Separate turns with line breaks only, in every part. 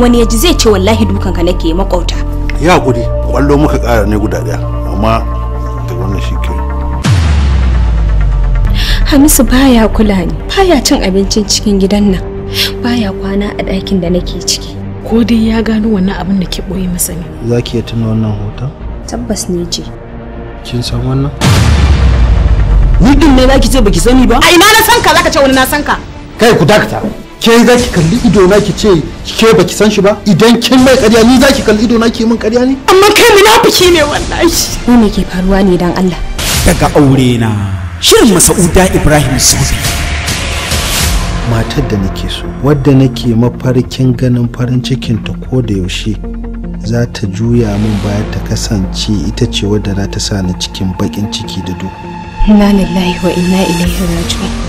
wani ya ji zai ce wallahi dukan ka nake makauta. ya hakuri kwallo muka kara ne guda daya amma da wannan shi ke Hamisu baya kula ni baya cin abincin cikin gidan nan baya kwana a ɗakin da nake ciki ko dai ya gano wannan abin da ke ɓoye masa ne za ki iya tuna wannan hoton tabbas ne je. kin san wannan ni din ne zaki ce baki sani ba a ina na san ka zaka ce wani na san ka kai ku dakata ke za ki kalli ido na ki ce ke baki san shi ba idan kin mai ƙarya ni za ki kalli ido na ki min ƙarya ne amma kai munafiki ne wallahi ko me ke faruwa ne dan Allah daga aure na shirin Masauda Ibrahim Sufi matar da nake so wadda nake mafarkin ganin farin cikin ta ko da yaushe za ta juya min baya ta kasance ita ce wadda za ta sa ni cikin bakin ciki da duhu inna lillahi wa inna ilaihi raji'un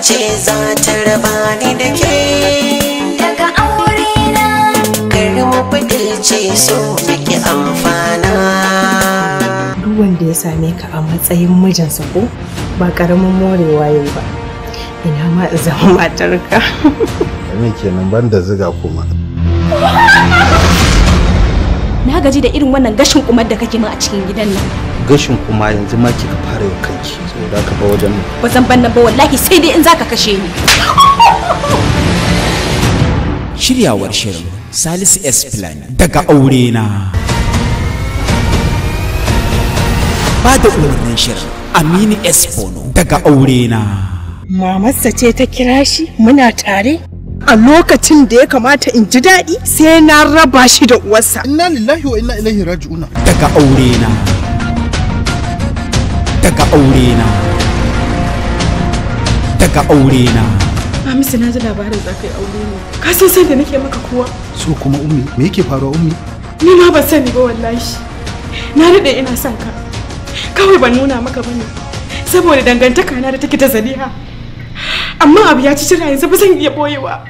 ce za ta raba ni da ke daga aure na kar mu so muke amfana duk wanda ya same ka a matsayin mijinsa ko ba karamin morewa yau ba ina ma zama matarka me kenan banda ziga kuma gaji da irin wannan gashin kumar da kake min a cikin gidan nan gashin kuma yanzu ma kika fara yau kanki saboda ka ba wajen mu ba zan ban nan ba wallahi sai dai in zaka kashe ni shiryawar shirin Salisu S Plan daga aure na ba da umarnin shirin Aminu S Bono daga aure na mamarsa ce ta kira shi muna tare a lokacin da ya kamata in ji daɗi sai na raba shi da uwarsa. Inna lillahi wa inna ilaihi raji'una. Daga aure na. Daga aure na. Daga aure na. Hamisu na ji labarin za ka yi aure ne. Ka san sai da nake maka kowa. So kuma ummi me yake faruwa ummi? Ni ma ban sani ba wallahi. Na daɗe ina son ka. Kawai ban nuna maka bane. Saboda dangantaka na da take ta zaliha. amma abu ya ci cira yanzu ba zan iya boyewa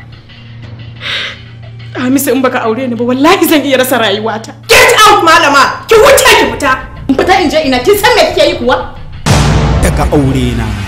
Hamisu in baka aure ni ba wallahi zan iya rasa rayuwata get out malama ki huta ki fita in fita in je ina kin san me kike yi kuwa daga aure na